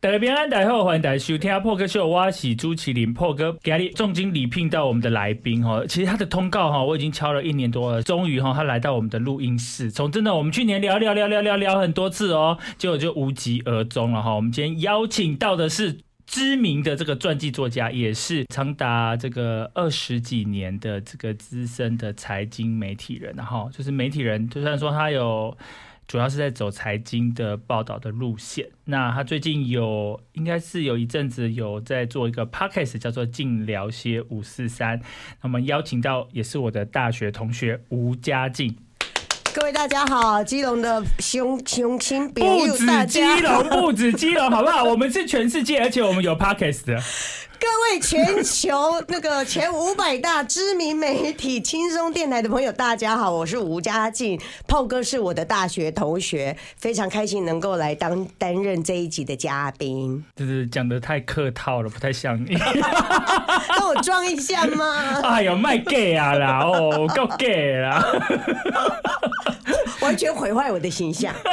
大家平安，大家好，歡迎大家收聽 Paul 哥秀。我是朱麒麟，Paul 哥給重金禮聘到我們的來賓哈。其實他的通告哈，我已經敲了一年多了，終於哈，他來到我們的錄音室。從真的我們去年聊聊聊聊聊，聊很多次哦，結果就無疾而終了哈。我們今天邀請到的是知名的這個傳記作家，也是長達這個二十幾年的這個資深的財經媒體人，就是媒體人，就算說他有。主要是在走財經的報道的路線。那他最近有，應該是有一陣子有在做一個 podcast，叫做“晉聊些五四三”。那麼邀請到也是我的大學同學吳佳晉。各位大家好，基隆的雄雄心不止基隆，不止基隆，好不好？ 我們是全世界，而且我們有 podcast 的。各位全球那個前五百大知名媒體輕鬆電台的朋友，大家好，我是吳佳晉，Paul 哥是我的大學同學，非常開心能夠來當擔任這一集的嘉賓。就是講的太客套了，不太像你。幫 我裝一下嗎？哎呦，賣 gay 啊啦，哦夠 gay 啦， 完全毀壞我的形象。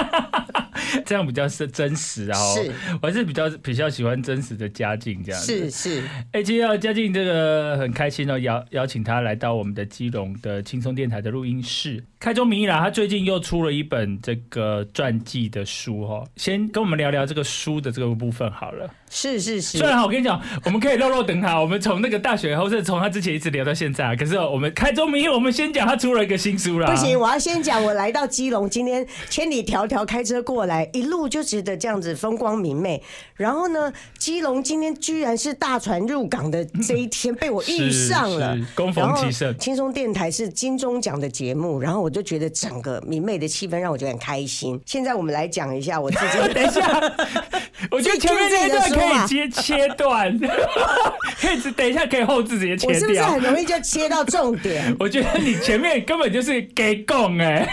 這樣比較是真實啊、哦，是，我還是比較比較喜歡真實的佳晉這樣子，是是。是哎，今天佳晉要這個很開心哦，邀邀請他來到我們的基隆的輕鬆電台的錄音室。開宗明義啦，他最近又出了一本這個傳記的書哦，先跟我們聊聊這個書的這個部分好了。是是是，雖然我跟你講， 我們可以肉肉等他。我們從那個大學，或是從他之前一直聊到現在，可是我們開宗明義，我們先講他出了一個新書了。不行，我要先講我來到基隆，今天千里迢迢開車過來，一路就值得這樣子風光明媚。然後呢，基隆今天居然是大船入港的這一天，嗯、被我遇上了，是是，躬逢其盛。輕鬆電台是金鐘獎的節目，然後我就覺得整個明媚的氣氛讓我覺得很開心。現在我們來講一下我自己。 等一下，我覺得前面這一段。可以直接切斷，可以 等一下可以後製直接切掉，我是不是很容易就切到重點？ 我覺得你前面根本就是假講。哎，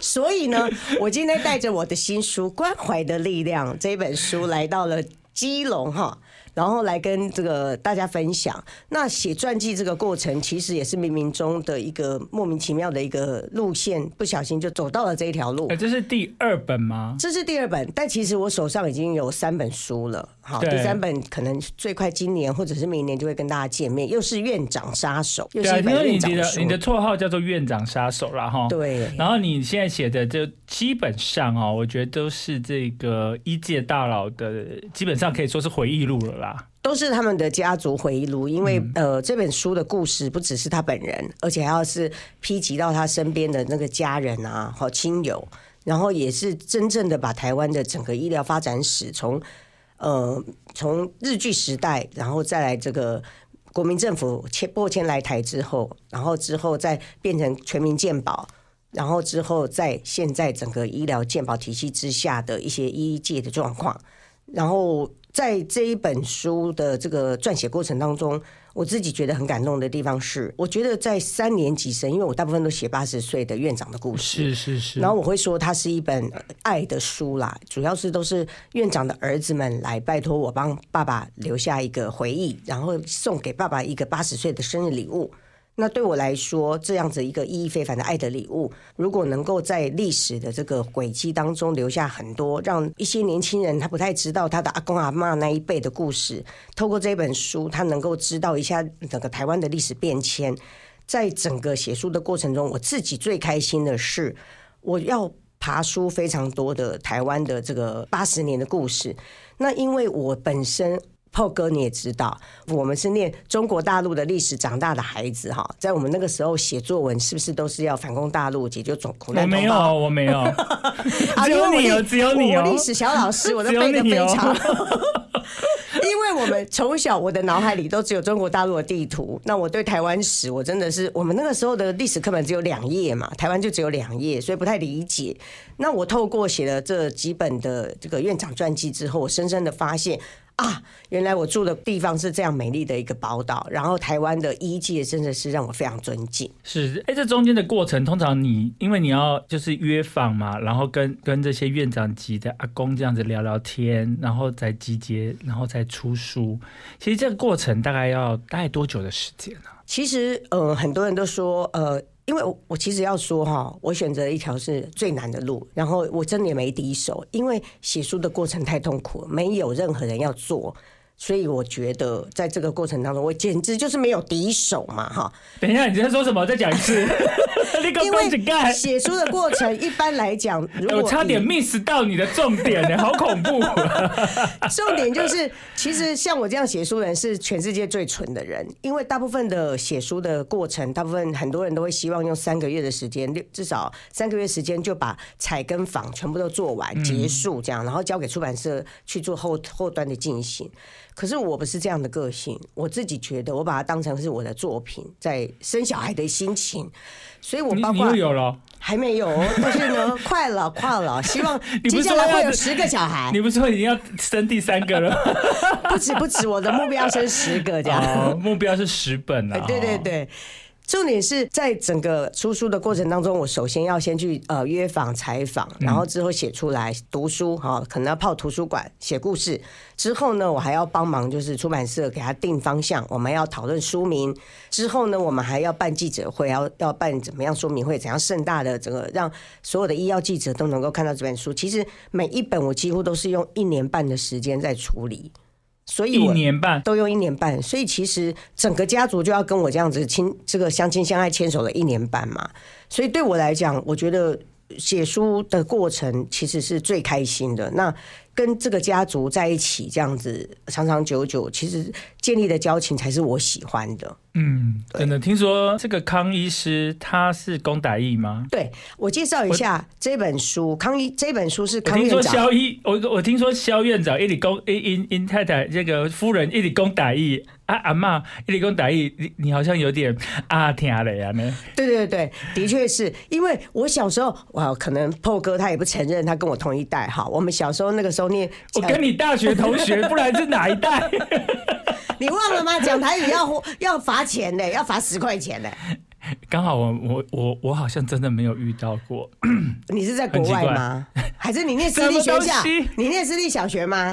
所以呢，我今天帶着我的新書《關懷的力量》這本書來到了基隆哈。然後來跟這個大家分享。那寫傳記這個過程，其實也是冥冥中的一個莫名其妙的一個路線，不小心就走到了這一條路。哎，這是第二本嗎？這是第二本，但其實我手上已經有三本書了。好，對第三本可能最快今年或者是明年就會跟大家見面，又是院長殺手，又對，因為，你的你的綽號叫做院長殺手啦，哈，對。然後你現在寫的就基本上啊、哦，我覺得都是這個醫界大老的，基本上可以說是回憶錄了啦，都是他們的家族回憶錄，因為、嗯、呃，這本書的故事不只是他本人，而且還要是披及到他身邊的那個家人啊，和親友，然後也是真正的把台灣的整個醫療發展史從。呃，從日據時代，然後再來這個國民政府遷過遷來台之後，然後之後再變成全民健保，然後之後在現在整個醫療健保體系之下的一些醫界的狀況，然後在這一本書的這個撰寫過程當中。我自己覺得很感動的地方是，我覺得在三年級生，因為我大部分都寫八十歲的院長的故事，是是是。然後我會說，它是一本愛的書啦，主要是都是院長的兒子們來拜託我幫爸爸留下一個回憶，然後送給爸爸一個八十歲的生日禮物。那對我來說，這樣子一個意義非凡的愛的禮物，如果能夠在歷史的這個軌跡當中留下很多，讓一些年輕人他不太知道他的阿公阿嬤那一輩的故事，透過這本書，他能夠知道一下整個台灣的歷史變遷。在整個寫書的過程中，我自己最開心的是，我要爬書非常多的台灣的這個八十年的故事。那因為我本身。Paul 哥，你也知道，我們是念中國大陸的歷史長大的孩子哈，在我們那個時候寫作文，是不是都是要反攻大陸、解決總統的？我沒有，我沒有。 啊、只有你有、哦，只有你有、哦、歷史小老師，我都背得非常有你、哦。 因為我們從小我的腦海裡都只有中國大陸的地圖，那我對台灣史，我真的是我們那個時候的歷史課本只有兩頁嘛，台灣就只有兩頁，所以不太理解。那我透過寫了這幾本的這個院長傳記之後，我深深的發現。啊，原來我住的地方是這樣美麗的一個寶島，然後台灣的醫界真的是讓我非常尊敬。是，哎，這中間的過程，通常你因為你要就是約訪嘛，然後跟跟這些院長級的阿公這樣子聊聊天，然後再集結，然後再出書。其實這個過程大概要大概多久的時間呢？啊？其實呃，很多人都說呃。因為我，我其實要說哈、哦，我選擇一條是最難的路，然後我真的也沒敵手，因為寫書的過程太痛苦了，沒有任何人要做，所以我覺得在這個過程當中，我簡直就是沒有敵手嘛哈。等一下，你在說什麼？再講一次。 因為寫書的過程一般來講，如果差點 miss 到你的重點，哎，好恐怖！重點就是，其實像我這樣寫書人是全世界最蠢的人，因為大部分的寫書的過程，大部分很多人都會希望用三個月的時間，至少三個月時間就把採跟訪全部都做完，結束這樣，然後交給出版社去做後後端的進行。可是我不是這樣的個性，我自己覺得我把它當成是我的作品，在生小孩的心情，所以我包括有了、哦，還沒有，但是呢， 快了，快了，希望接下來會有十個小孩，你不是說已經要生第三個了， 不止不止，我的目標要生十個這樣，哦，目標是十本啊，哎，對對對。重點是在整個出書，書的過程當中，我首先要先去呃約訪採訪，然後之後寫出來讀書哈、哦，可能要泡圖書館寫故事。之後呢，我還要幫忙，就是出版社給他定方向，我們要討論書名。之後呢，我們還要辦記者會，要要辦怎麼樣說明會，怎樣盛大的這個讓所有的醫藥記者都能夠看到這本書。其實每一本我幾乎都是用一年半的時間在處理。所以一年半都用一年半，年半，所以其實整個家族就要跟我這樣子親，這個相親相愛牽手了一年半嘛。所以對我來講，我覺得寫書的過程其實是最開心的。那跟這個家族在一起這樣子長長久久，其實建立的交情才是我喜歡的。嗯，真的，對聽說這個康醫師他是講台語嗎？對我介紹一下這本書，我康醫這本書是康院長。醫，我我聽說蕭院長一直講，一英英太太這個夫人一直講台語啊啊嬤一直講台語，你你好像有點啊聽下來呢。對對對對，的確是因為我小時候哇，可能 Paul 哥他也不承認，他跟我同一代哈。我們小時候那個時候念，我跟你大學同學，不然是哪一代？你忘了嗎？講台語要要罰。錢呢？要罰十塊錢呢？剛好我我我我好像真的沒有遇到過。 你是在國外嗎？還是你念私立學校？你念私立小學嗎？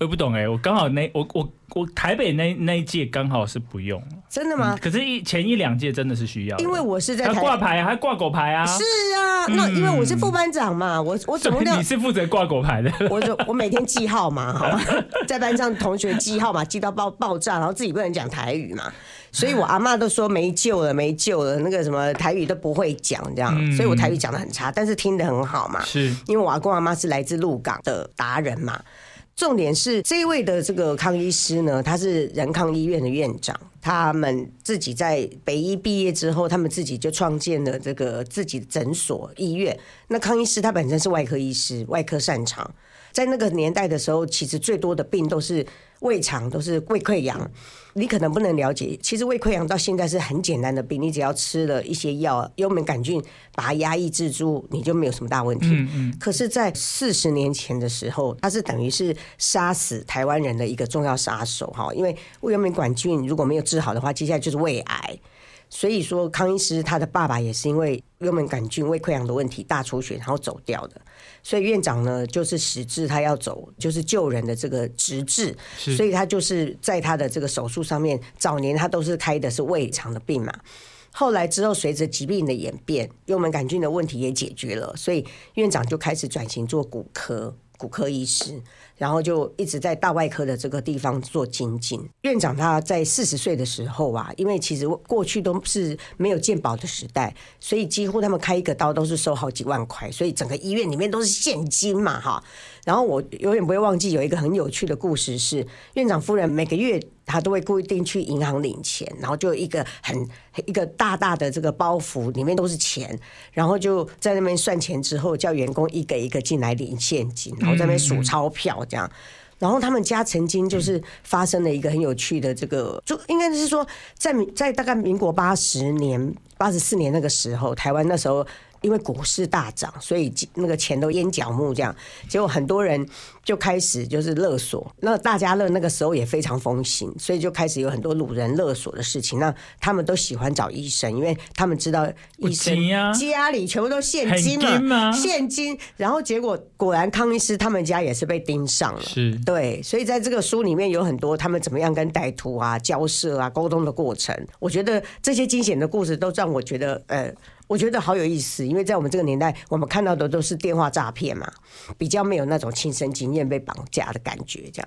我也不懂哎、欸，我剛好那我我我台北那那一屆剛好是不用。真的嗎？嗯、可是一前一兩屆真的是需要，因為我是在台掛牌、啊、還掛狗牌啊，是啊，那因為我是副班長嘛，嗯、我我怎麼你是負責掛狗牌的？我我每天記號嘛，好嗎？ 在班上同學記號嘛，記到爆爆炸，然後自己不能講台語嘛。所以，我阿媽都說沒救了，沒救了。那個什麼台語都不會講，這樣。嗯，所以我台語講得很差，但是聽得很好嘛。是，因為我阿公阿媽是來自鹿港的達人嘛。重點是這一位的這個康醫師呢，他是仁康醫院的院長。他們自己在北醫畢業之後，他們自己就創建了這個自己的診所醫院。那康醫師他本身是外科醫師，外科擅長。在那個年代的時候，其實最多的病都是胃腸，都是胃潰瘍。你可能不能了解，其實胃潰瘍到現在是很簡單的病，你只要吃了一些藥，幽門桿菌把它壓抑制住，你就沒有什麼大問題。嗯嗯。可是，在四十年前的時候，它是等於是殺死台灣人的一個重要殺手哈，因為幽門桿菌如果沒有治好的話，接下來就是胃癌。所以說，康醫師他的爸爸也是因為幽門桿菌胃潰瘍的問題大出血，然後走掉的。所以院長呢，就是實質他要走，就是救人的這個職責是所以他就是在他的這個手術上面，早年他都是開的是胃腸的病嘛，後來之後隨着疾病的演變，幽門桿菌的問題也解決了，所以院長就開始轉型做骨科。骨科醫師，然後就一直在大外科的這個地方做精進。院長他在四十歲的時候啊，因為其實過去都是沒有健保的時代，所以幾乎他們開一個刀都是收好幾萬塊，所以整個醫院裡面都是現金嘛，哈。然後我永遠不會忘記有一個很有趣的故事是，是院長夫人每個月，他都會固定去銀行領錢，然後就一個很一個大大的這個包袱，裡面都是錢，然後就在那邊算錢之後，叫員工一個一個進來領現金，然後在那邊數鈔票這樣。然後他們家曾經就是發生了一個很有趣的這個，就應該就是說在在大概民國八十年、八十四年那個時候，台灣那時候。因為股市大漲，所以那個錢都淹腳目，這樣。結果很多人就開始就是勒索。那大家樂那個時候也非常風行，所以就開始有很多擄人勒索的事情。那他們都喜歡找醫生，因為他們知道醫生家裡全部都現金嘛，現金。然後結果果然康醫師他們家也是被盯上了，是對。所以在這個書裡面有很多他們怎麼樣跟歹徒啊、交涉啊、溝通的過程。我覺得這些驚險的故事都讓我覺得呃。我覺得好有意思，因為在我們這個年代，我們看到的都是電話詐騙嘛，比較沒有那種親身經驗被綁架的感覺這樣。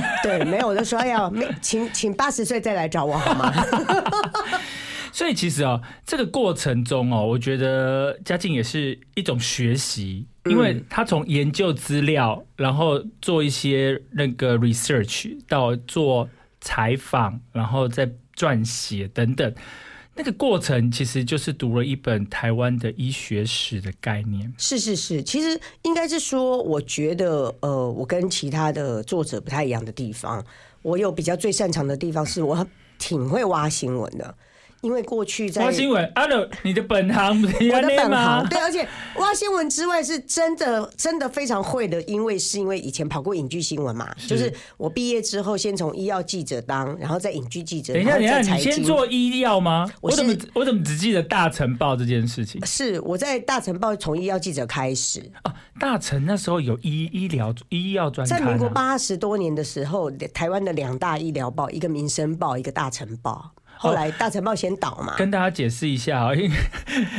對，沒有我就說，哎呀，請請八十歲再來找我好嗎？ 所以其實啊、哦，這個過程中哦，我覺得佳晉也是一種學習，因為他從研究資料，然後做一些那個 research，到做採訪，然後再撰寫等等。那個過程其實就是讀了一本台灣的醫學史的概念。是是是，其實應該是說，我覺得呃，我跟其他的作者不太一樣的地方，我有比較最擅長的地方，是我挺會挖新聞的。因為過去挖新聞，阿樂，你的本行不是挖的嗎？對，而且挖新聞之外，是真的，真的非常會的，因為是因為以前跑過影劇新聞嘛，就是我畢業之後先從醫藥記者當，然後再影劇記者，等一下，等一下你，你先做醫藥嗎？我怎麼我怎麼只記得大成報這件事情？是我在大成報從醫藥記者開始啊。大成那時候有醫醫療醫藥專，在民國八十多年的時候，台灣的兩大醫療報，一個民生報，一個大成報。後來大成報先倒嘛。哦，跟大家解釋一下啊，因為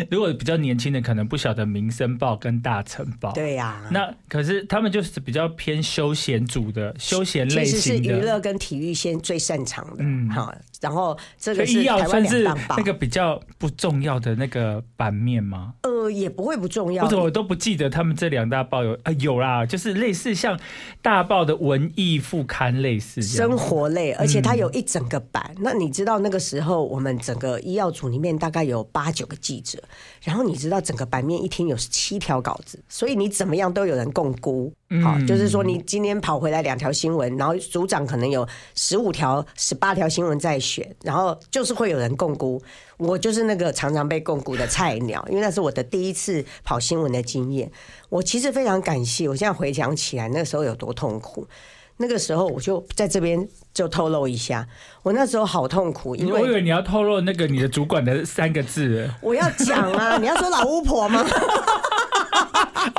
如果比較年輕的可能不曉得民生報跟大成報，對呀，啊，那可是他們就是比較偏休閒組的休閒類型的，其實是娛樂跟體育先最擅長的，嗯，好，哦。然後這個是台灣兩大報，那個比較不重要的那個版面嗎？呃，也不會不重要，或者我都不記得他們這兩大報有啊，有啦，就是類似像大報的文藝副刊類似的生活類，而且它有一整個版。嗯、那你知道那個時候我們整個醫藥組裡面大概有八九個記者。然後你知道整個版面一天有七條稿子，所以你怎麼樣都有人共估。好，就是說你今天跑回來兩條新聞，然後組長可能有十五條、十八條新聞在選，然後就是會有人共估。我就是那個常常被共估的菜鳥，因為那是我的第一次跑新聞的經驗。我其實非常感謝，我現在回想起來那個時候有多痛苦。那個時候我就在這邊就透露一下，我那時候好痛苦，因為我以為你要透露那個你的主管的三個字，我要講啊， 你要說老巫婆嗎？ 啊，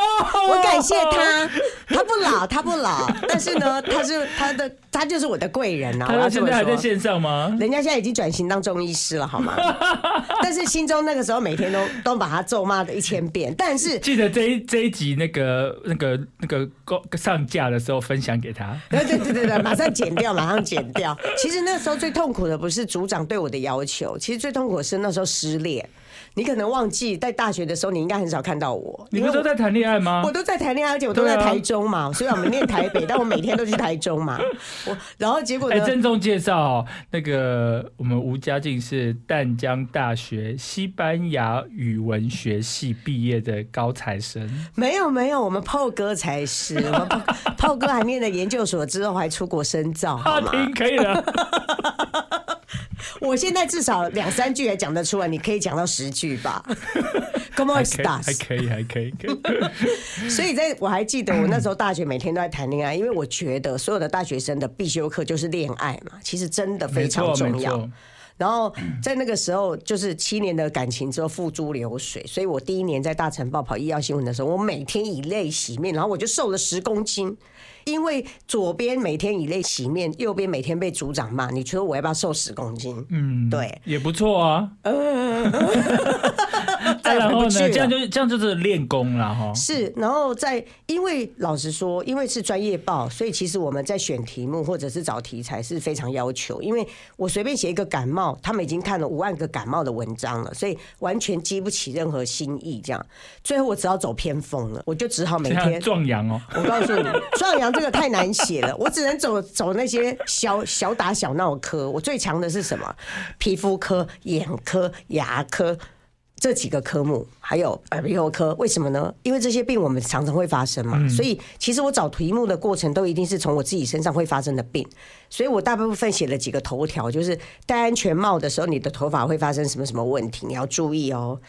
我感謝他，他不老，他不老，但是呢，他是他的，他就是我的貴人啊。他現在還在線上嗎？人家現在已經轉型當中醫師了，好嗎？ 但是心中那個時候每天都都把他咒罵了一千遍。但是記得這一這一集那個那個、那個、那個上架的時候分享給他。對，對對對對，馬上剪掉，馬上剪掉。其實那時候最痛苦的不是組長對我的要求，其實最痛苦的是那時候失戀。你可能忘記在大學的時候，你應該很少看到我。我你們都在談戀愛嗎？我都在談戀愛，而且我都在台中嘛。啊、雖然我們念台北， 但我每天都去台中嘛。我然後結果呢？鄭重、欸、介紹哦，那個我們吳佳晉是淡江大學西班牙語文學系畢業的高材生。沒有沒有，我們 Paul 哥才是。Paul 哥還念了研究所之後，還出國深造。好、啊、聽可以了。 我現在至少兩三句還講得出來，你可以講到十句吧？可以，還可以，還可以，可以。所以，在我還記得我那時候大學每天都在談戀愛，嗯、因為我覺得所有的大學生的必修課就是戀愛嘛，其實真的非常重要。沒錯，沒錯。然後在那個時候，就是七年的感情之後付諸流水，嗯、所以我第一年在大成報跑醫藥新聞的時候，我每天以淚洗面，然後我就瘦了十公斤。因為左邊每天以淚洗面，右邊每天被組長罵，你覺得我要不要瘦十公斤？嗯，對，也不錯啊。 啊、然後呢，這樣就，這樣就是練功了哈。是，然後在，因為老實說，因為是專業報，所以其實我們在選題目或者是找題材是非常要求。因為我隨便寫一個感冒，他們已經看了五萬個感冒的文章了，所以完全激不起任何新意。這樣，最後我只要走偏鋒了，我就只好每天壯陽哦。我告訴你， 壯陽這個太難寫了，我只能走走那些小小打小鬧科。我最強的是什麼？皮膚科、眼科、牙科。這幾個科目還有耳鼻喉科，為什麼呢？因為這些病我們常常會發生嘛，嗯，所以其實我找題目的過程都一定是從我自己身上會發生的病，所以我大部分寫了幾個頭條，就是戴安全帽的時候，你的頭髮會發生什麼什麼問題，你要注意哦。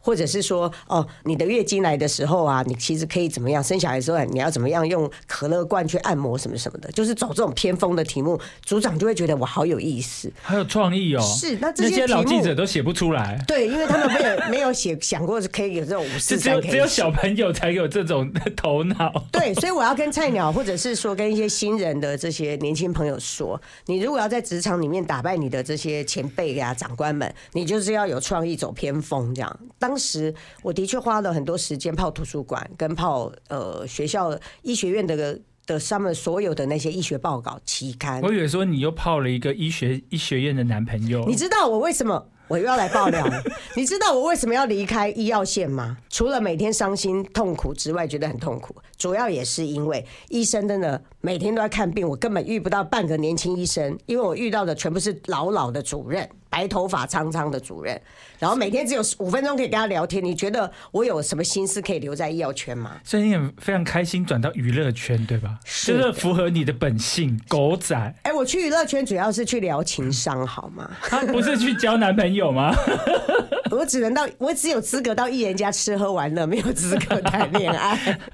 或者是說，哦，你的月經來的時候啊，你其實可以怎麼樣？生小孩的時候，你要怎麼樣用可樂罐去按摩什麼什麼的？就是走這種偏鋒的題目，組長就會覺得我好有意思，還有創意哦。是，那這些，那些老記者都寫不出來。對，因為他們沒有沒有寫想過，可以有這種五四三。只有只有小朋友才有這種頭腦。對，所以我要跟菜鳥，或者是說跟一些新人的這些年輕朋友說，你如果要在職場裡面打敗你的這些前輩呀、長官們，你就是要有創意，走偏鋒這樣。當時我的確花了很多時間泡圖書館，跟泡呃學校醫學院的的上面所有的那些醫學報告期刊。我以為說你又泡了一個醫學醫學院的男朋友。你知道我為什麼我又要來爆料了？ 你知道我為什麼要離開醫藥線嗎？除了每天傷心痛苦之外，覺得很痛苦，主要也是因為醫生真的每天都在看病，我根本遇不到半個年輕醫生，因為我遇到的全部是老老的主任。白頭髮蒼蒼的主任，然後每天只有五分鐘可以跟他聊天。的你覺得我有什麼心思可以留在醫藥圈嗎？所以你也非常開心轉到娛樂圈，對吧？是的就是符合你的本性，狗仔。哎、欸，我去娛樂圈主要是去聊情商，嗯、好嗎？他不是去交男朋友嗎？ 我只能到，我只有資格到藝人家吃喝玩樂，沒有資格談戀愛。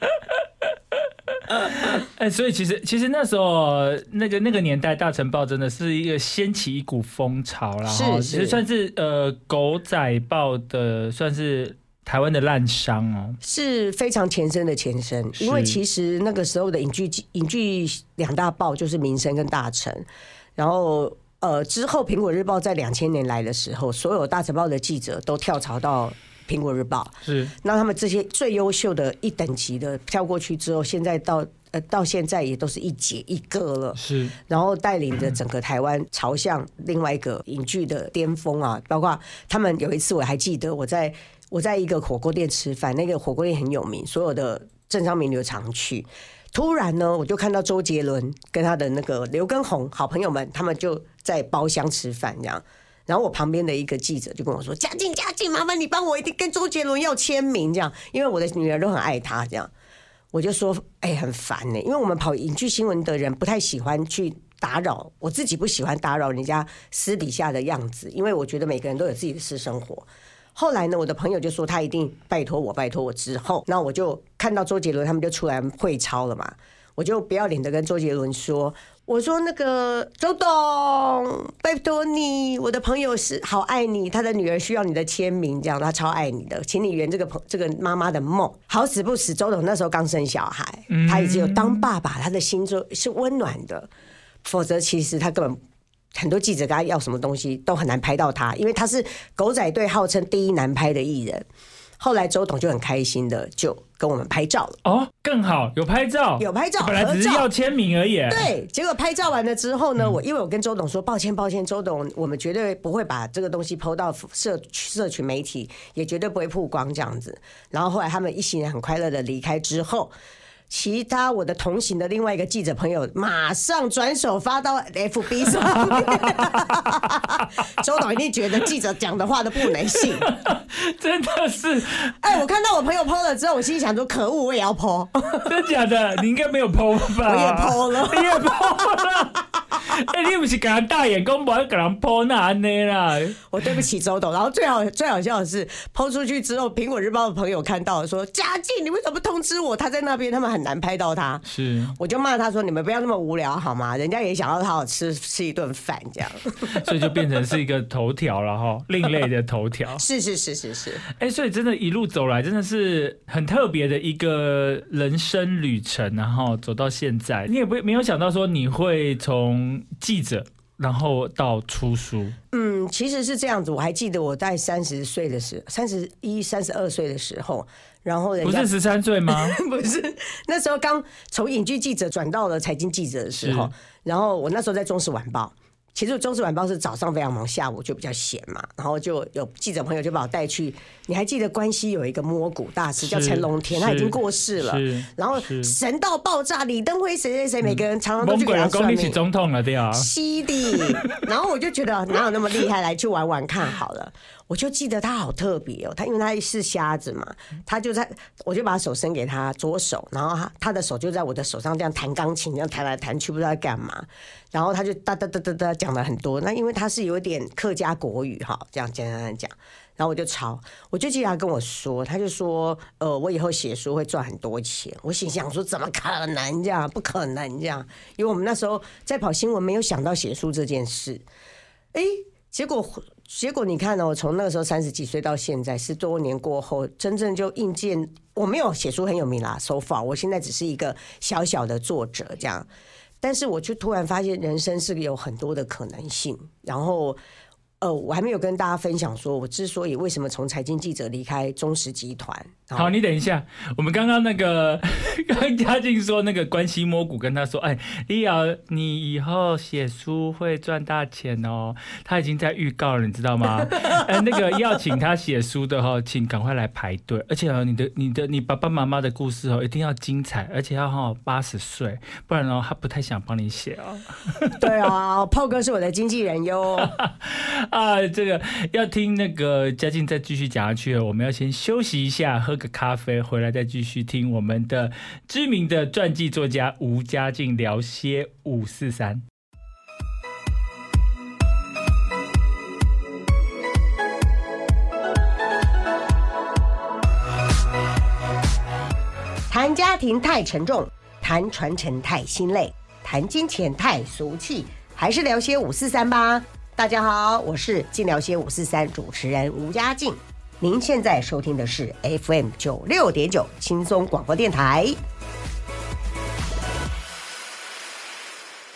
哎、 呃，所以其實其實那時候那個那個年代，《大成報》真的是一個掀起一股風潮啦，是，是其實算是呃狗仔報的，算是台灣的濫觴哦，是非常前身的前身。因為其實那個時候的影劇影劇兩大報就是《民生》跟《大成》，然後呃之後，《蘋果日報》在兩千年來的時候，所有《大成報》的記者都跳槽到。蘋果日報是，那他們這些最優秀的一等級的跳過去之後，現在到呃到現在也都是一姐一個了，是，然後帶領着整個台灣朝向另外一個影劇的巔峰啊，包括他們有一次我還記得，我在我在一個火鍋店吃飯，那個火鍋店很有名，所有的政商名流常去，突然呢，我就看到周杰倫跟他的那個劉畊宏好朋友們，他們就在包廂吃飯這樣。然後我旁邊的一個記者就跟我說：“佳晉，佳晉，麻煩你幫我一定跟周杰倫要簽名，這樣，因為我的女兒都很愛他，這樣。”我就說：“哎，很煩呢。”因為我們跑影劇新聞的人不太喜歡去打擾，我自己不喜歡打擾人家私底下的樣子，因為我覺得每個人都有自己的私生活。”後來呢，我的朋友就說他一定拜托我，拜托我之後，那我就看到周杰倫他們就出來會超了嘛，我就不要臉的跟周杰倫說。我說那個周董，拜托你，我的朋友是好愛你，他的女兒需要你的簽名，這樣他超愛你的，請你圓這個朋這個媽媽的夢。好死不死，周董那時候剛生小孩，他已經有當爸爸，他的心中是溫暖的。否則，其實他根本很多記者跟他要什麼東西都很難拍到他，因為他是狗仔隊號稱第一難拍的藝人。後來周董就很開心的就跟我們拍照了哦，更好有拍照，有拍照，本來只是要簽名而已。對，結果拍照完了之後呢，我因為我跟周董說，抱歉抱歉，周董，我們絕對不會把這個東西 po 到社社群媒體，也絕對不會曝光這樣子。然後後來他們一行人很快樂的離開之後，其他我的同行的另外一個記者朋友，馬上轉手發到 FB 上。 周董一定覺得記者講的話都不能信， 真的是。哎、欸，我看到我朋友潑了之後，我心想說：可惡，我也要潑。 真的假的？你應該沒有潑吧？ 我也潑了， 我也潑了。 哎、 欸，你不是給他大眼，根要給人拋爛的啦！我對不起周董。然後最好最好笑的是，拋出去之後，《蘋果日報》的朋友看到了說：“佳晉，你為什麼不通知我？他在那邊，他們很難拍到他。”是，我就罵他說：“你們不要那麼無聊好嗎？人家也想要他好吃吃一頓飯這樣。”所以就變成是一個頭條了哈， 另類的頭條。 是，是是是是是。哎、欸，所以真的，一路走來，真的是很特別的一個人生旅程、啊。然後走到現在，你也不沒有想到說你會從。記者，然後到出書。嗯，其實是這樣子。我還記得我在三十歲的時候，三十一、三十二歲的時候，然後不是十三歲嗎？ 不是，那時候剛從影劇記者轉到了財經記者的時候，是然後我那時候在《中時晚報》。其實《中時晚報》是早上非常忙，下午就比較閒嘛。然後就有記者朋友就把我帶去，你還記得關西有一個摸骨大師叫陳龍田，他已經過世了。然後神到爆炸，李登輝誰、誰誰誰，嗯、每個人常常都去給他算命。摸骨起中痛了，對啊。犀利。然後我就覺得哪有那麼厲害， 來去玩玩看好了。我就記得他好特別哦，他因為他是瞎子嘛，他就在，我就把手伸給他左手，然後他的手就在我的手上這樣彈鋼琴，這樣彈來彈去不知道在幹嘛，然後他就噠噠噠噠噠講了很多。那因為他是有點客家國語哈，這樣這樣這樣講，然後我就抄，我就記得他跟我說，他就說呃，我以後寫書會賺很多錢。我心想說怎麼可能這樣？不可能這樣，因為我們那時候在跑新聞，沒有想到寫書這件事。哎、欸，結果。結果你看呢、哦？我從那個時候三十幾歲到現在，十多年過後，真正就硬件我沒有寫書很有名啦、啊，so far，我現在只是一個小小的作者這樣，但是我就突然發現人生是有很多的可能性，然後。呃，我還沒有跟大家分享，說我之所以為什麼從財經記者離開中時集團。好，好，你等一下，我們剛剛那個剛佳晉說那個關西摸骨，跟他說，哎、欸，李堯，你以後寫書會賺大錢哦。他已經在預告了，你知道嗎？哎、 欸，那個要請他寫書的哈，請趕快來排隊。而且你的你的你爸爸媽媽的故事哦，一定要精彩，而且要好八十歲，不然呢、哦，他不太想幫你寫哦。 對啊、哦，Paul 哥是我的經紀人喲。 啊，這個要聽那個佳晉再繼續講下去，我們要先休息一下，喝個咖啡，回來再繼續聽我們的知名的傳記作家吳佳晉聊些五四三。談家庭太沉重，談傳承太心累，談金錢太俗氣，還是聊些五四三吧。大家好，我是晉聊些五四三主持人吳佳晉，您現在收聽的是 FM 九六點九輕鬆廣播電台。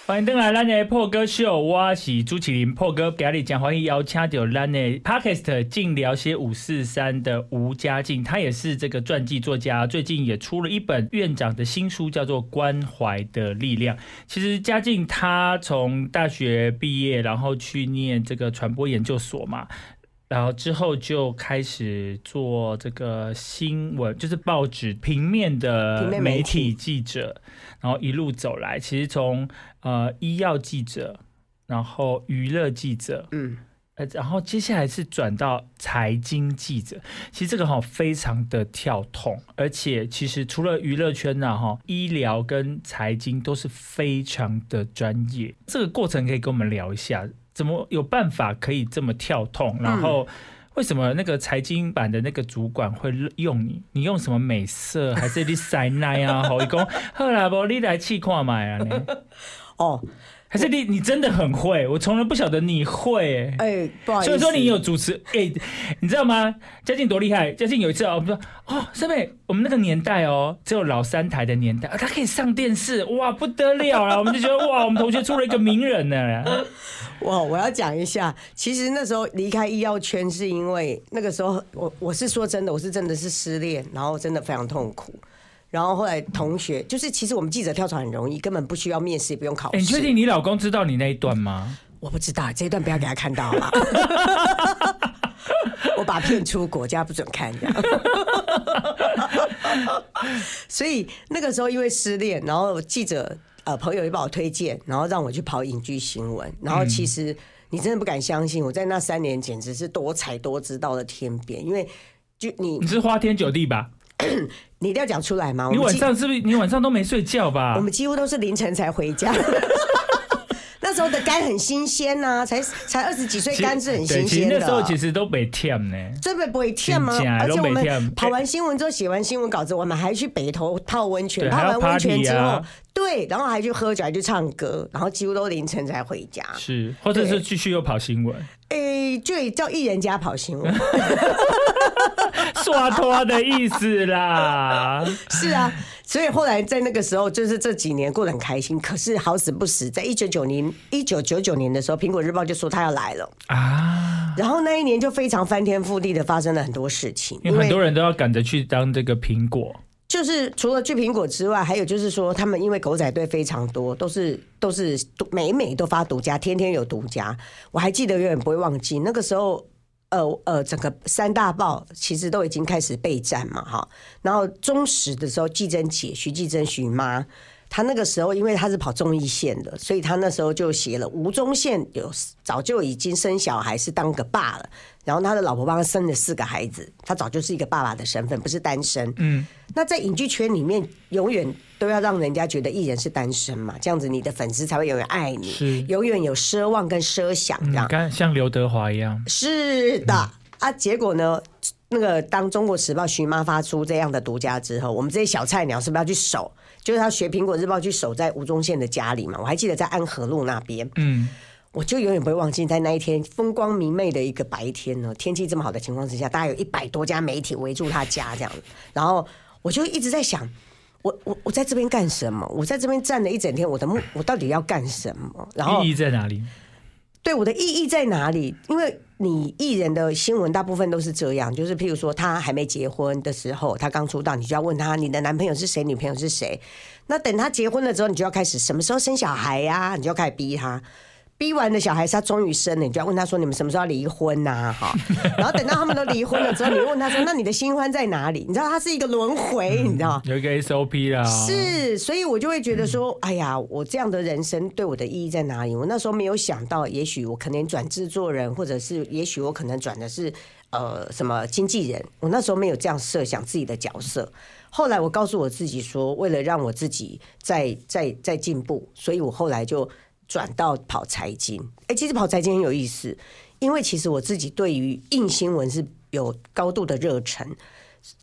歡迎登來，咱的 Paul 哥秀，我是朱麒麟。Paul 哥家裡講，歡迎邀請到咱的 Podcast 晉聊些五四三的吳佳晉，他也是這個傳記作家，最近也出了一本院長的新書，叫做《關懷的力量》。其實佳晉他從大學畢業，然後去念這個傳播研究所嘛。然後之後就開始做這個新聞，就是報紙平面的媒體記者，然後一路走來，其實從呃醫藥記者，然後娛樂記者，嗯，然後接下來是轉到財經記者。其實這個哈、哦、非常的跳痛，而且其實除了娛樂圈呢，哈，醫療跟財經都是非常的專業。這個過程可以跟我們聊一下。怎麼有辦法可以這麼跳痛？然後為什麼那個財經版的那個主管會用你？你用什麼美色還是你莎奶啊？好伊講，好啦，無你來試看賣啊。 哦。還是你，我 你真的很會，我從來不曉得你會。哎、欸，不好意思，所以說你有主持，哎、欸，你知道嗎？佳晉多厲害！佳晉有一次哦，不是哦，三妹，我們那個年代哦，只有老三台的年代，他、哦、可以上電視，哇，不得了了！我們就覺得哇，我們同學出了一個名人呢。哇，我要講一下，其實那時候離開醫藥圈，是因為那個時候我我是說真的，我是真的是失戀，然後真的非常痛苦。然後後來同學就是，其實我們記者跳槽很容易，根本不需要面試，也不用考試。你確定你老公知道你那一段嗎？我不知道，這一段不要給他看到了 我把他騙出國家不准看的。 所以那個時候因為失戀，然後記者呃朋友就幫我推薦，然後讓我去跑影劇新聞。然後其實你真的不敢相信，我在那三年簡直是多才多姿到了天邊，因為就你你是花天酒地吧？ 你一定要講出來嗎？你晚上是不是，你晚上都沒睡覺吧？ 我們幾乎都是凌晨才回家。 收的肝很新鮮吶，才才二十幾歲，肝是很新鮮的。對，其實那時候其實都不會累呢，真的不會累嗎？而且我們跑完新聞之後，寫完新聞稿子，我們還去北投泡溫泉。泡完溫泉之後，對，然後還去喝酒，還去唱歌，然後幾乎都凌晨才回家，是或者是繼續又跑新聞。誒，就叫藝人家跑新聞，刷脫的意思啦。是啊。所以後來在那個時候，就是這幾年過得很開心。可是好死不死，在一九九零一九九九年的時候，《蘋果日報》就說他要來了啊！然後那一年就非常翻天覆地的發生了很多事情，因為，因為很多人都要趕着去當這個蘋果。就是除了去蘋果之外，還有就是說，他們因為狗仔隊非常多，都是都是每每都發獨家，天天有獨家。我還記得，永遠不會忘記那個時候。呃呃，整個三大報其實都已經開始備戰嘛，哈。然後中時的時候，紀珍姐、徐紀珍、許媽。他那個時候，因為他是跑綜藝線的，所以他那時候就寫了吳宗憲有早就已經生小孩，是當個爸了。然後他的老婆幫他生了四個孩子，他早就是一個爸爸的身份，不是單身。嗯，那在影劇圈裡面，永遠都要讓人家覺得藝人是單身嘛，這樣子你的粉絲才會永遠愛你，是永遠有奢望跟奢想這樣。你、嗯、像劉德華一樣，是的、嗯、啊。結果呢，那個當中國時報徐媽發出這樣的獨家之後，我們這些小菜鳥是不是要去守？就是他學《蘋果日報》去守在吳宗憲的家裡嘛，我還記得在安和路那邊，嗯，我就永遠不會忘記在那一天風光明媚的一個白天呢，天氣這麼好的情況之下，大概有一百多家媒體圍住他家這樣 然後我就一直在想，我我我在這邊幹什麼？我在這邊站了一整天，我的目我到底要幹什麼？然後意義在哪裡？對，我的意義在哪裡？因為。你藝人的新聞大部分都是這樣，就是譬如說他還沒結婚的時候，他剛出道，你就要問他你的男朋友是誰，女朋友是誰？那等他結婚了之後，你就要開始什麼時候生小孩呀？你就要開始逼他。逼完的小孩，他終於生了，你就要問他說：“你們什麼時候要離婚呢、啊？”哈，然後等到他們都離婚了之後，你問他說：“ 那你的新歡在哪裡？”你知道，他是一個輪迴，你知道有一個 SOP 啦。嗯、是，所以我就會覺得說：“嗯、哎呀，我這樣的人生對我的意義在哪裡？”我那時候沒有想到，也許我可能轉制作人，或者是也許我可能轉的是呃什麼經紀人。我那時候沒有這樣設想自己的角色。後來我告訴我自己說：“為了讓我自己再再再進步，所以我後來就。”轉到跑財經，哎、欸，其實跑財經很有意思，因為其實我自己對於硬新聞是有高度的熱忱。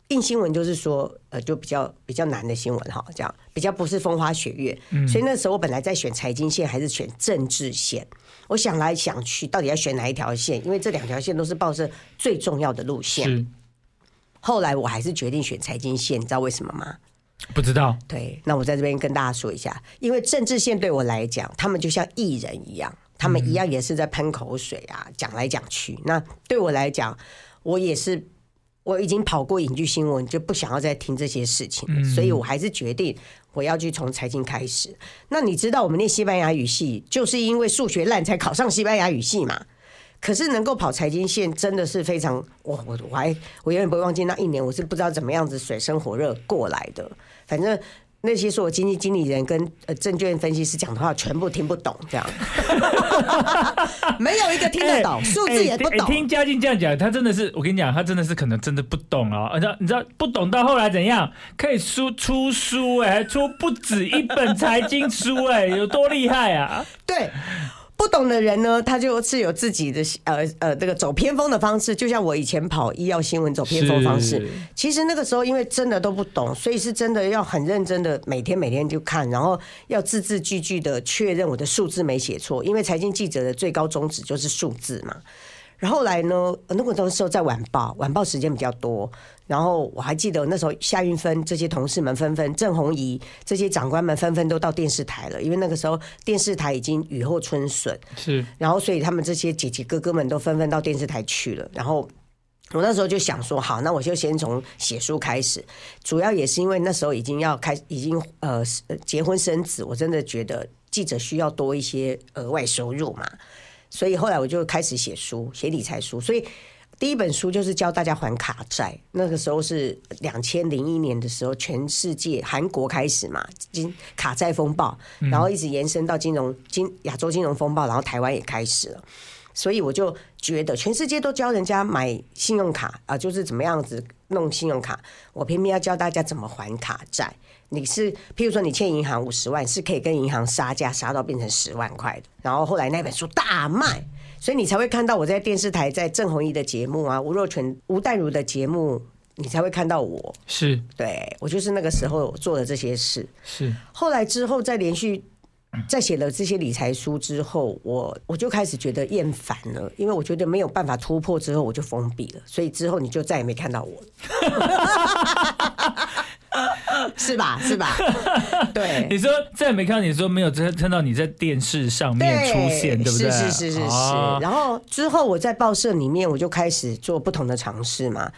硬新聞就是說，呃，就比較比較難的新聞哈，這樣比較不是風花雪月。嗯、所以那時候我本來在選財經線還是選政治線，我想來想去到底要選哪一條線，因為這兩條線都是報社最重要的路線。是後來我還是決定選財經線，你知道為什麼嗎？不知道，對，那我在這邊跟大家說一下，因為政治線對我來講，他們就像藝人一樣，他們一樣也是在噴口水啊，嗯、講來講去。那對我來講，我也是，我已經跑過影劇新聞，就不想要再聽這些事情，嗯、所以我還是決定我要去從財經開始。那你知道我們念西班牙語系，就是因為數學爛才考上西班牙語系嘛？可是能夠跑財經線真的是非常我我我還我永遠不會忘記，那一年我是不知道怎麼樣子水深火熱過來的，反正那些所有經濟經理人跟呃證券分析師講的話全部聽不懂這樣， 沒有一個聽得懂，數、欸、字也不懂。欸欸、聽佳晉、欸、這樣講，他真的是，我跟你講，他真的是可能真的不懂哦。你知道，你知道不懂到後來怎樣可以出出書哎、欸，還出不止一本財經書哎、欸，有多厲害啊？對。不懂的人呢，他就是有自己的呃呃這個走偏鋒的方式，就像我以前跑醫藥新聞走偏鋒方式，是其實那個時候因為真的都不懂，所以是真的要很認真的每天每天就看，然後要字字句句的確認我的數字沒寫錯，因為財經記者的最高宗旨就是數字嘛。然後來呢，那個時候在晚報，晚報時間比較多。然後我還記得那時候夏韻芬這些同事們紛紛，鄭弘儀這些長官們紛紛都到電視台了，因為那個時候電視台已經雨後春筍，是，然後所以他們這些姐姐哥哥們都紛紛到電視台去了。然後我那時候就想說，好，那我就先從寫書開始。主要也是因為那時候已經要開，已經呃結婚生子，我真的覺得記者需要多一些額外收入嘛，所以後來我就開始寫書，寫理財書，所以。第一本書就是教大家還卡債，那個時候是兩千零一年的時候，全世界韓國開始嘛，金卡債風暴，然後一直延伸到金融金亞洲金融風暴，然後台灣也開始了，所以我就覺得全世界都教人家買信用卡啊，呃，就是怎麼樣子弄信用卡，我偏偏要教大家怎麼還卡債。你是，譬如說你欠銀行五十萬，是可以跟銀行殺價殺到變成十萬塊的，然後後來那本書大賣。所以你才會看到我在電視台，在鄭弘儀的節目啊，吳若權、吳淡如的節目，你才會看到我。是。對，我就是那個時候做了這些事。是。後來之後，在連續在寫了這些理財書之後，我我就開始覺得厭煩了，因為我覺得沒有辦法突破，之後我就封閉了。所以之後你就再也沒看到我了。 是吧？是吧？ 對，你說在沒看，你說沒有真看到你在電視上面出現，對，對不對？是，是是是是。哦、然後之後我在報社裡面，我就開始做不同的嘗試嘛。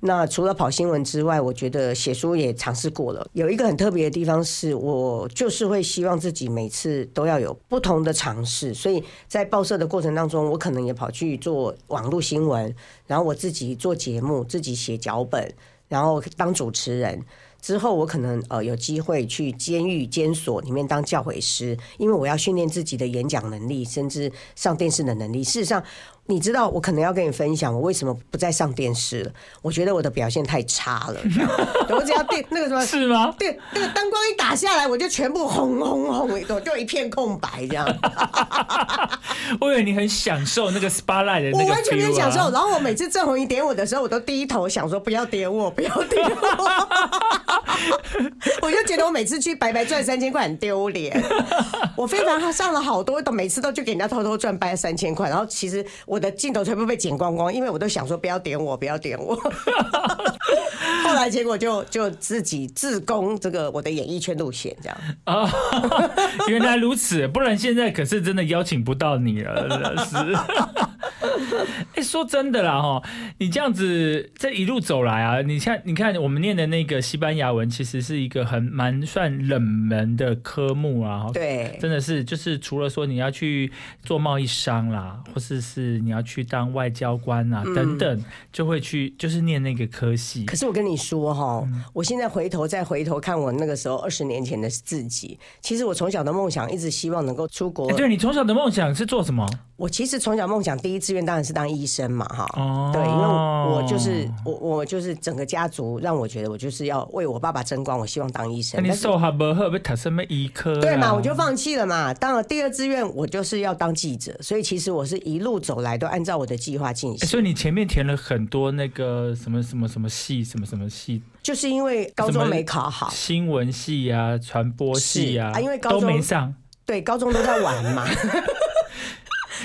那除了跑新聞之外，我覺得寫書也嘗試過了。有一個很特別的地方是，我就是會希望自己每次都要有不同的嘗試。所以在報社的過程當中，我可能也跑去做網絡新聞，然後我自己做節目，自己寫腳本，然後當主持人。之後，我可能呃有機會去監獄、監所裡面當教誨師，因為我要訓練自己的演講能力，甚至上電視的能力。事實上。你知道我可能要跟你分享，我為什麼不再上電視了？我覺得我的表現太差了。 我只要電那個什麼，是嗎？對，那個燈光一打下來，我就全部紅紅紅一朵就一片空白這樣。 我以為你很享受那個 spotlight 的那個氛圍啊，我完全沒有享受。然後我每次鄭弘儀點我的時候，我都低頭想說不要點我，不要點我。 我就覺得我每次去白白賺三千塊很丟臉。我非常上了好多，每次都去給人家偷偷賺白三千塊，然後其實我的鏡頭全部被剪光光，因為我都想說不要點我，不要點我。 後來結果就就自己自攻這個我的演藝圈路線這樣。啊、哦，原來如此，不然現在可是真的邀請不到你了，是。哎，說真的啦，哈，你這樣子這一路走來啊，你像你看我們念的那個西班牙文。其實是一個很蠻算冷門的科目啊，對，真的是就是除了說你要去做貿易商啦，或者是，是你要去當外交官啊、嗯、等等，就會去就是念那個科系。可是我跟你說哈，嗯、我現在回頭再回頭看我那個時候二十年前的自己，其實我從小的夢想一直希望能夠出國。欸、對，你從小的夢想是做什麼？我其實從小夢想第一志願當然是當醫生嘛，哈、哦，對，因為我就是我我就是整個家族讓我覺得我就是要為我爸、爸。把爭光，我希望當醫生。那、啊、你受哈不好，不談什麼醫科、啊。對嘛，我就放棄了嘛。當了第二志願，我就是要當記者。所以其實我是一路走來都按照我的計劃進行、欸。所以你前面填了很多那個什麼什麼什麼系，什麼什麼系，就是因為高中沒考好，新聞系啊，傳播系啊，啊，因為高中都沒上，對，高中都在玩嘛。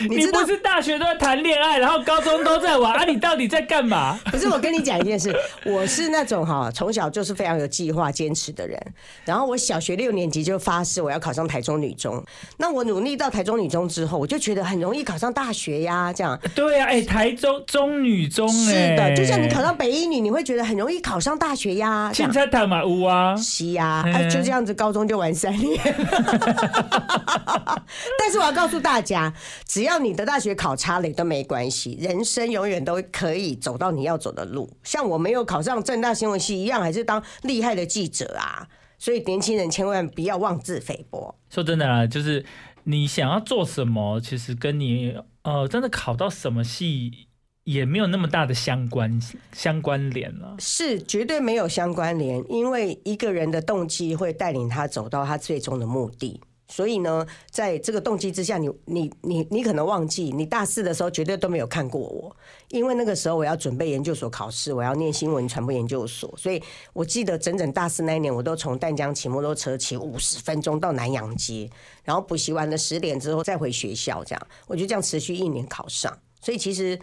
你，知道你不是大學都在談戀愛，然後高中都在玩 啊？你到底在幹嘛？可是我跟你講一件事，我是那種哈，從小就是非常有計劃、堅持的人。然後我小學六年級就發誓，我要考上台中女中。那我努力到台中女中之後，我就覺得很容易考上大學呀、啊，這樣。對呀、啊，哎、欸，台中中女中、欸，是的，就像你考上北一女，你會覺得很容易考上大學呀，現在打馬屋啊，是呀，就這樣子，高中就玩三年。 但是我要告訴大家。只要你的大學考差了也都沒關係，人生永遠都可以走到你要走的路。像我沒有考上政大新聞系一樣，還是當厲害的記者啊！所以年輕人千萬不要妄自菲薄。說真的、啊，就是你想要做什麼，其實跟你呃，真的考到什麼系也沒有那麼大的相關相關聯了、啊。是絕對沒有相關聯，因為一個人的動機會帶領他走到他最終的目的。所以呢，在這個動機之下，你你你你可能忘記，你大四的時候絕對都沒有看過我，因為那個時候我要準備研究所考試，我要念新聞傳播研究所。所以我記得整整大四那一年，我都從淡江騎摩托車騎五十分鐘到南陽街，然後補習完了十點之後再回學校，這樣我就這樣持續一年考上。所以其實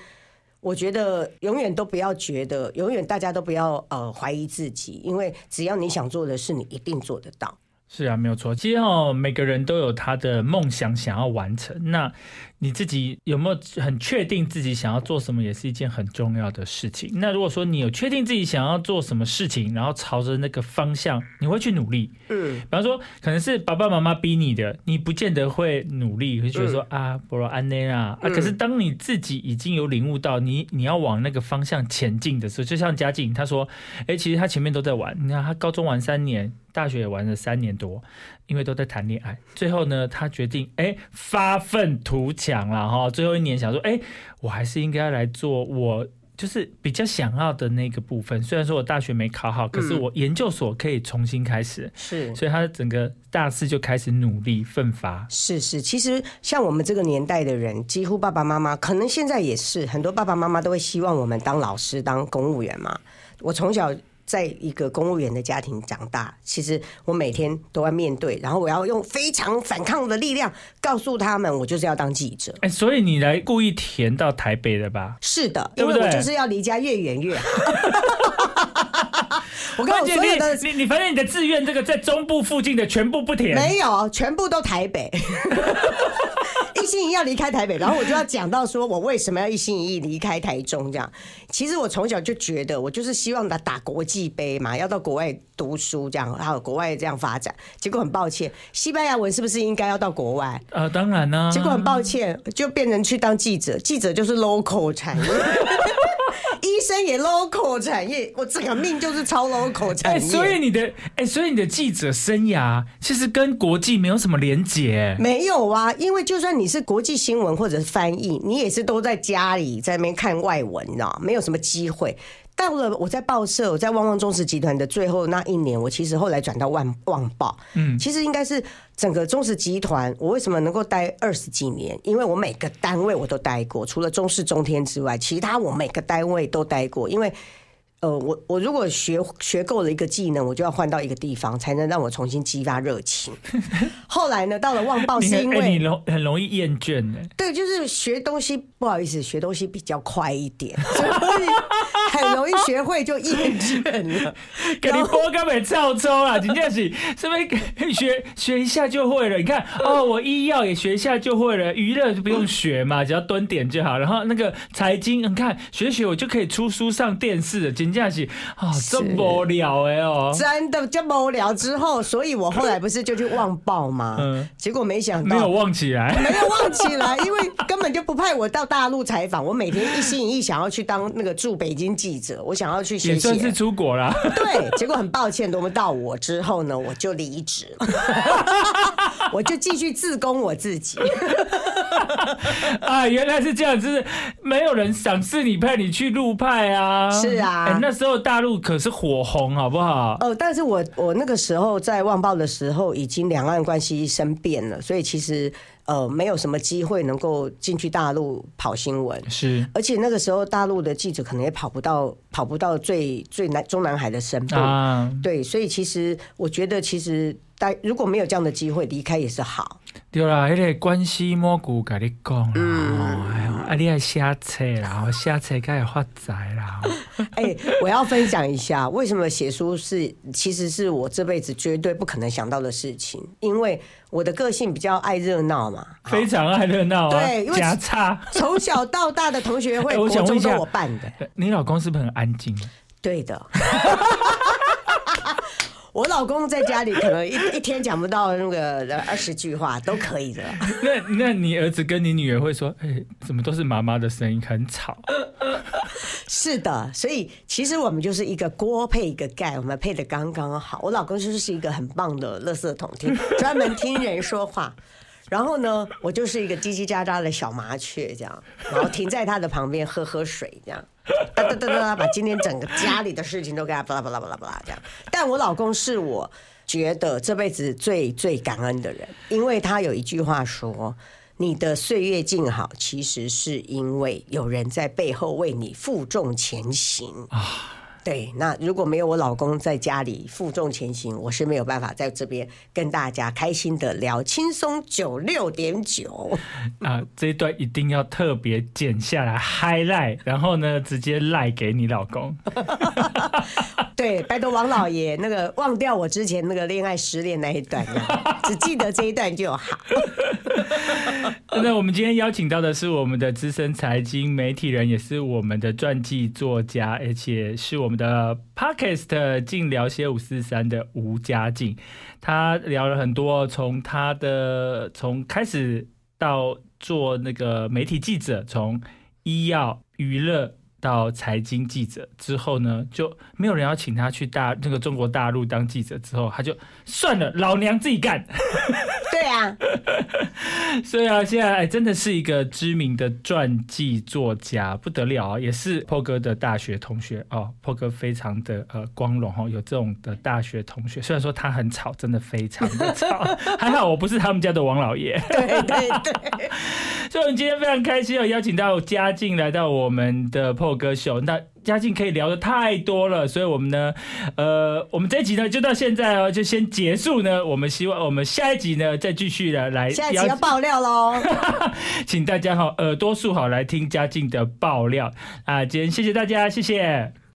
我覺得永遠都不要覺得，永遠大家都不要呃懷疑自己，因為只要你想做的事，你一定做得到。是啊，沒有錯。其實哦，每個人都有他的夢想想要完成。那。你自己有沒有很確定自己想要做什麼，也是一件很重要的事情。那如果說你有確定自己想要做什麼事情，然後朝着那個方向，你會去努力。嗯，比方說可能是爸爸媽媽逼你的，你不見得會努力，會覺得說、嗯、啊，不勞安內啊。啊，可是當你自己已經有領悟到你你要往那個方向前進的時候，就像佳晉他說，哎、欸，其實他前面都在玩，你看他高中玩三年，大學也玩了三年多，因為都在談戀愛。最後呢，他決定哎、欸、發憤圖。想了哈，最後一年想說，誒、欸，我還是應該來做我就是比較想要的那個部分。雖然說我大學沒考好，可是我研究所可以重新開始，嗯、是。所以他整個大四就開始努力奮發。是是，其實像我們這個年代的人，幾乎爸爸媽媽可能現在也是很多爸爸媽媽都會希望我們當老師當公務員嘛。我從小，在一個公務員的家庭長大，其實我每天都要面對，然後我要用非常反抗的力量告訴他們，我就是要當記者。哎、欸，所以你來故意填到台北的吧？是的，對不對？因為我就是要離家越遠越好。 我告訴你，所有的，你，你發現你的志願這個在中部附近的全部不填，沒有，全部都台北。 要離開台北，然後我就要講到說我為什麼要一心一意離開台中這樣。其實我從小就覺得，我就是希望打打國際盃嘛，要到國外讀書這樣，還有國外這樣發展。結果很抱歉，西班牙文是不是應該要到國外？啊、呃、當然啦、啊。結果很抱歉，就變成去當記者，記者就是 local 才。 醫生也 local 產業，我整個命就是超 local 產業、欸。所以你的，哎、欸，所以你的記者生涯其實跟國際沒有什麼連結、欸。沒有啊，因為就算你是國際新聞或者是翻譯，你也是都在家裡在那邊看外文啊，沒有什麼機會。到了我在報社，我在旺旺中時集團的最後那一年，我其實後來轉到萬旺報。嗯，其實應該是整個中時集團，我為什麼能夠待二十幾年？因為我每個單位我都待過，除了中視、中天之外，其他我每個單位都待過，因為。呃，我我如果學學夠了一個技能，我就要換到一個地方，才能讓我重新激發熱情。後來呢，到了旺報是因為你很、欸、你很容易厭倦呢。對，就是學東西不好意思，學東西比較快一點， 所以很容易學會就厭倦了。 後給你播根本照抄啊，緊接著學學一下就會了。你看，哦，我醫藥也學一下就會了，娛樂就不用學嘛，只要蹲點就好。然後那個財經，你看學學我就可以出書、上電視的，經這樣子，啊，這、哦、麼是無聊哎哦、喔，真的這麼無聊之後，所以我後來不是就去旺報嗎？欸、嗯，結果沒想到沒有旺起來，沒有旺起來， 因為根本就不派我到大陸採訪，我每天一心一意想要去當那個駐北京記者，我想要去寫寫也算是出國啦。 對，結果很抱歉輪不到我，之後呢，我就離職了， 我就繼續自攻我自己。 啊，原來是這樣，就是沒有人賞識你派你去陸派啊，是啊。那時候大陸可是火紅，好不好？哦、呃，但是我我那個時候在《旺報》的時候，已經兩岸關係生變了，所以其實呃，沒有什麼機會能夠進去大陸跑新聞。是，而且那個時候大陸的記者可能也跑不到，跑不到最最南中南海的深度。啊、對，所以其實我覺得，其實。但如果沒有這樣的機會，離開也是好。對啦，那個關係莫古跟你講啦，嗯，啊你還寫冊啦，我寫冊開始發財啦。哎，我要分享一下為什麼寫書是，其實是我這輩子絕對不可能想到的事情，因為我的個性比較愛熱鬧嘛，非常愛熱鬧，啊，對，夾叉，從小到大的同學會、國中都是我辦的，欸我想。你老公是不是很安靜？對的。 我老公在家裡可能一一天講不到那個二十句話都可以的。那那你兒子跟你女兒會說，欸，怎麼都是媽媽的聲音很吵？是的，所以其實我們就是一個鍋配一個蓋，我們配得剛剛好。我老公就是一個很棒的垃圾桶，聽專門聽人說話。然後呢，我就是一個嘰嘰喳喳的小麻雀，這樣，然後停在他的旁邊喝喝水，這樣。啊啊啊啊、把今天整個家裡的事情都給他巴拉巴拉巴拉巴拉這樣。但我老公是我覺得這輩子最最感恩的人，因為他有一句話說：“你的歲月靜好，其實是因為有人在背後為你負重前行。”啊。對，那如果沒有我老公在家裡負重前行，我是沒有辦法在這邊跟大家開心的聊輕鬆九六點九啊，這一段一定要特別剪下來 highlight，然後呢，直接賴、like、給你老公。 對，拜托王老爺，那個忘掉我之前那個戀愛失戀那一段，啊，只記得這一段就好。那 我們今天邀請到的是我們的資深財經媒體人，也是我們的傳記作家，而且是我們。的 podcast 晉聊些五四三的吳佳晉。他聊了很多，從他的從開始到做那個媒體記者，從醫藥娛樂到財經記者之後呢，就沒有人要請他去大那個中國大陸當記者，之後他就算了，老娘自己幹。 對啊，所以啊，現在真的是一個知名的傳記作家，不得了啊，也是 Paul 哥的大學同學哦，Paul 哥非常的呃光榮哦，有這種的大學同學，雖然說他很吵，真的非常的吵， 還好我不是他們家的王老爺， 對對對， 所以我們今天非常開心，哦，有邀請到佳晉來到我們的 Paul 哥秀，那。佳晉可以聊得太多了，所以我們呢，呃，我們這集呢就到現在哦，就先結束呢。我們希望我們下一集呢再繼續的來。下一集要爆料嘍， 請大家好、哦、呃，耳朵豎好來聽佳晉的爆料啊！今天謝謝大家，謝謝。